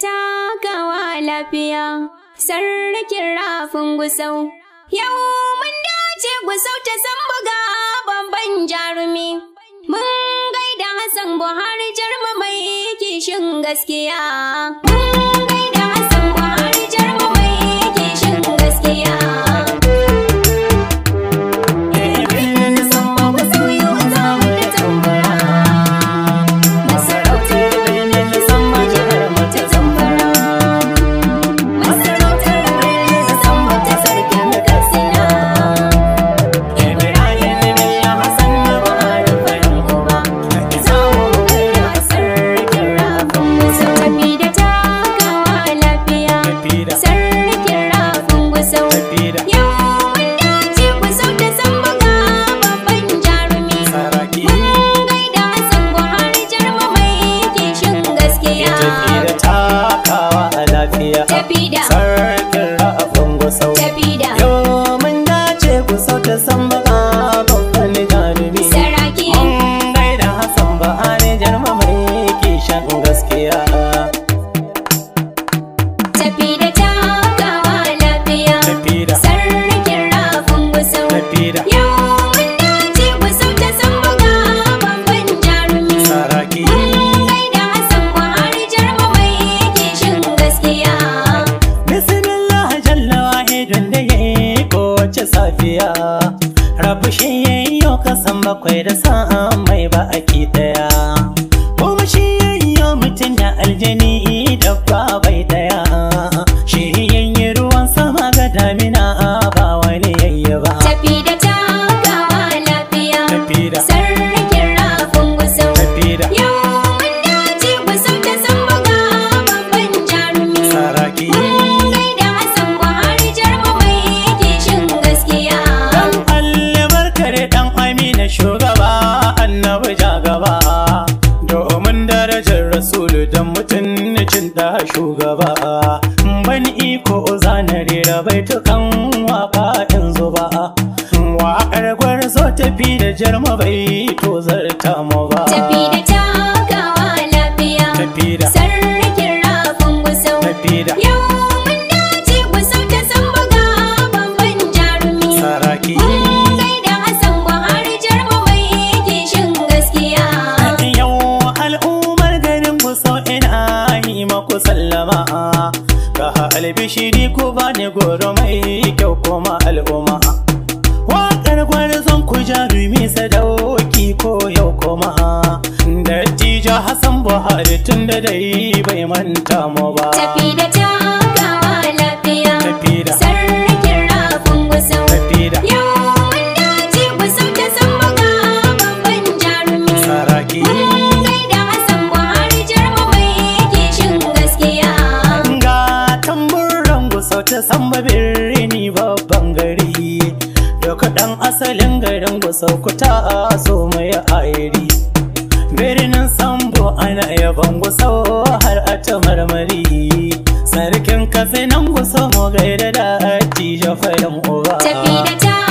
kawa lafiya, sarrakin rafin gusau. Yau mun dace gusau ta san buga bamban jarumi, mun gaida Hassan Buhari jarma mai kishin gaskiya. tafiya tafi da takawa a lafiya Mira. Waƙar gwarzo tafi da jarma bai to zarta mu ba. Tafi da takawa lafiya. Tafi da. Sarkin rafin gusau. Tafi da. Yau mun dace gusau ta san buga babban jarumi. Saraki. Kai da Hassan Buhari jarma mai kishin gaskiya. Yau al'ummar garin gusau ina yi maku sallama. Ka albishiri ku bani goro mai kyau kuma al'umma. gwarzon ku jarumi sadauki ko yau koma dattijo hassan buhari tun da dai bai manta mu ba tafi da ta lafiya tafi da asalin garin gusau kuta a so mai birnin sambo ana yaban gusau har a ta marmari sarkin kafinan gusau gaida da ati jafayin uba tafi da ta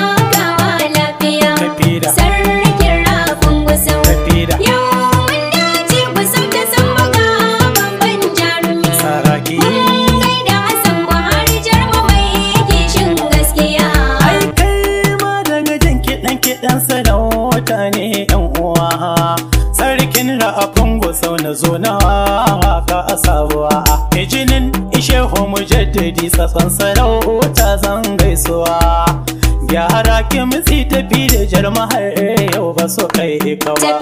Now,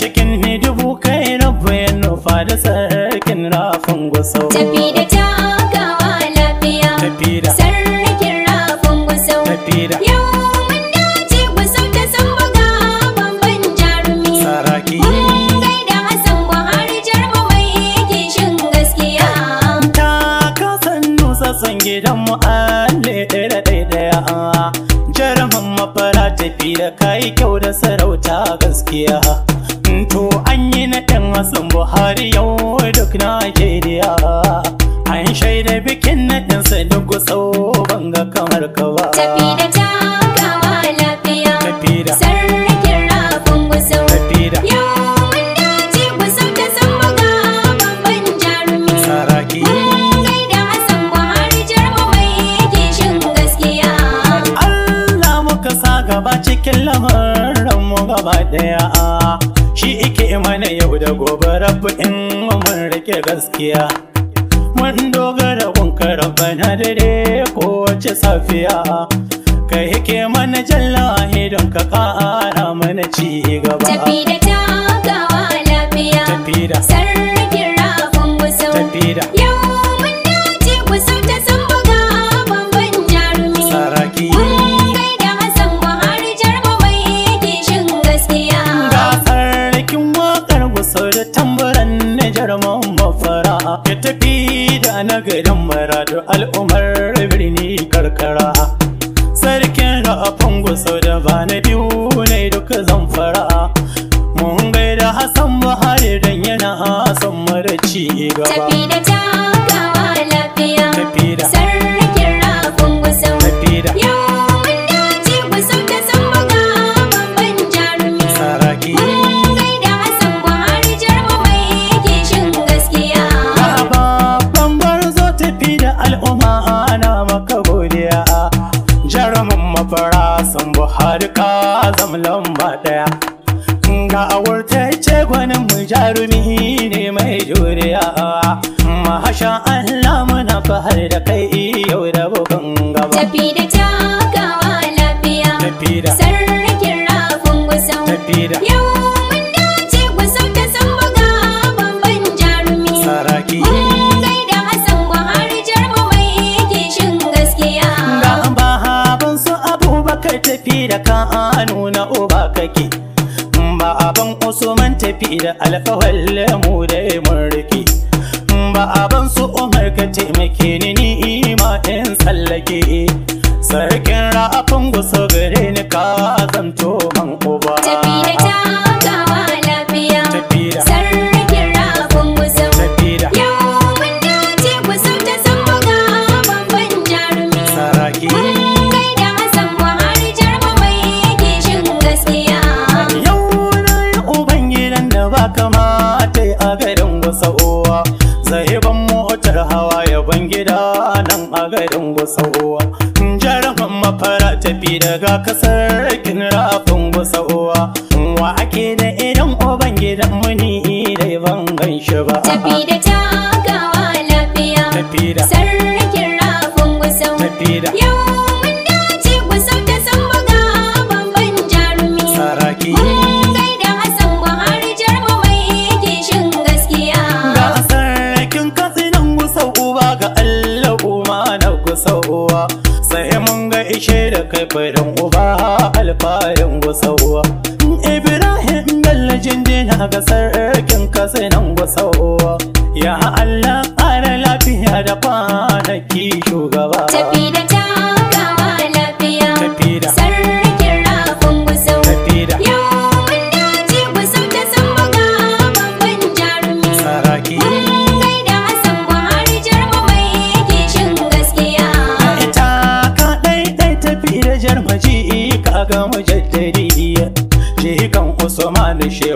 cikin dubu kai rabu ya nufa da sarkin rafin gusau. Tafi da yayi kyau da sarauta gaskiya to an yi na naɗin hassan buhari yau duk najeriya an shaida bikin na ɗansa duk gusau banga kamar kawa gaba cikin lamarin mu gaba ɗaya, shi ike mana yau da gobe rabu in mun rike gaskiya mun dogara gunka rabbana dare kowace safiya ka hike mana jalla don ka kara mana ci gaba tafi da gawa lafiya tafi sarkin rafin Allah mahasha Allah muna fahar da kai yau da bugun gaba tafi da tafi da alkawal mu da mulki ba aban su umar ka taimake ni ni ma in tsallake sarkin ra'afin gusa gare ni ka zanto man uba daga kasar rikin rafin gusa uwa wa ake da idan oban gidan muni dai ban gan ba tafi da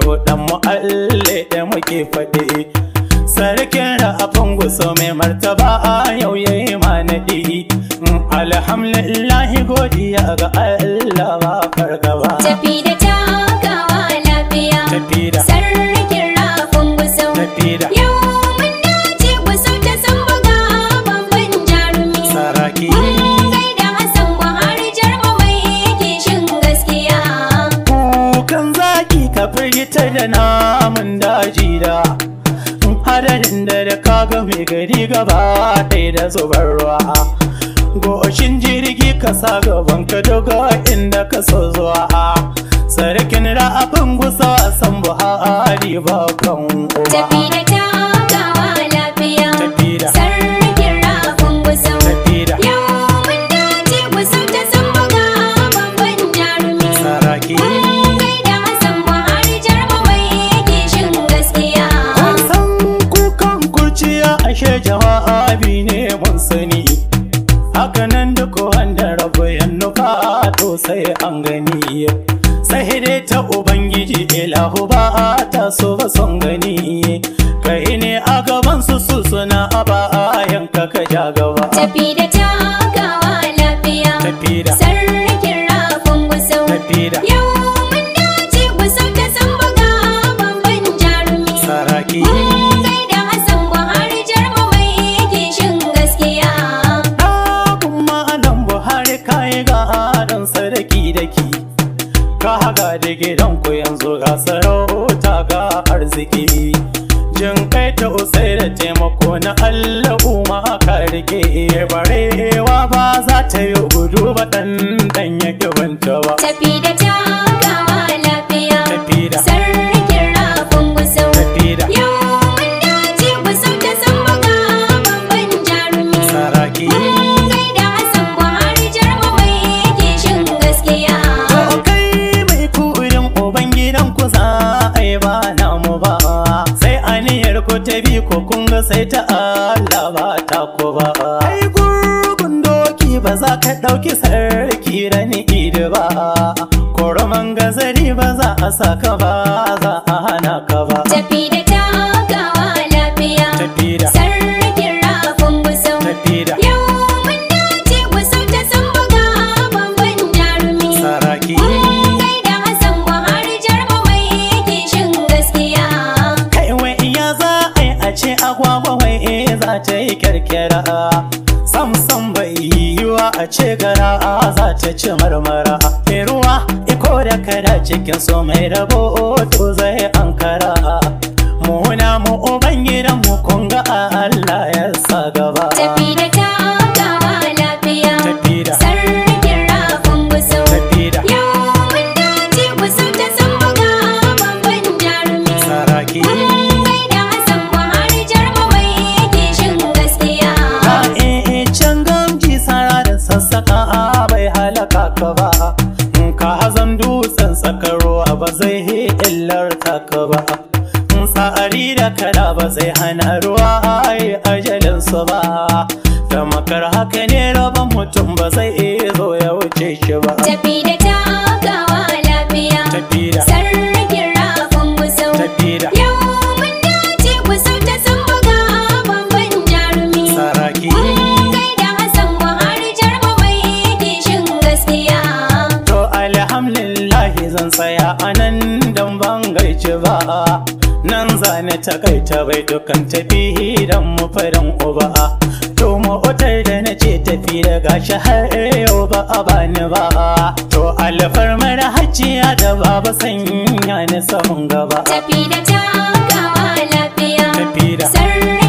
shehu dan mu'alle da muke faɗi sarkin ra'afin guso mai martaba a yau yayi manaɗi mm, Alhamdulillahi, godiya ga Allah ba fargaba da ga mai gari gaba dai da zubar ruwa goshin jirgi ka sa gaban ka daga inda ka so zuwa sarkin ra'afin gusa san buhari ba kan uwa. 你的家。ranar kiran idi ba koroman gazari ba za a saka ba za a hana ka ba tafi da takawa lafiya tafi da sarkin rafin gusau tafi da yau mun dace gusau ta san buga babban jarumi saraki kai da hasan buhari jarba mai yake shin gaskiya kai wai iya za a yi a ce agwagwa wai za ta yi kyarkyara a ce gara za ta ci marmara ke ruwa iko da kada cikin so mai rabo to zai ankara muna mu uban gidan mu kun ga Allah ya sa gaba ba zai hana ruwa ai su ba da makar haka ne raban mutum ba zai iya zo ya wuce shi ba takaita bai ta tafi dan mu farin uba to mu da na ce tafi daga shahar yau ba a bani ba to alfarmar mara hajiya da baba sanya ni samun gaba tafi da ta lafiya tafi da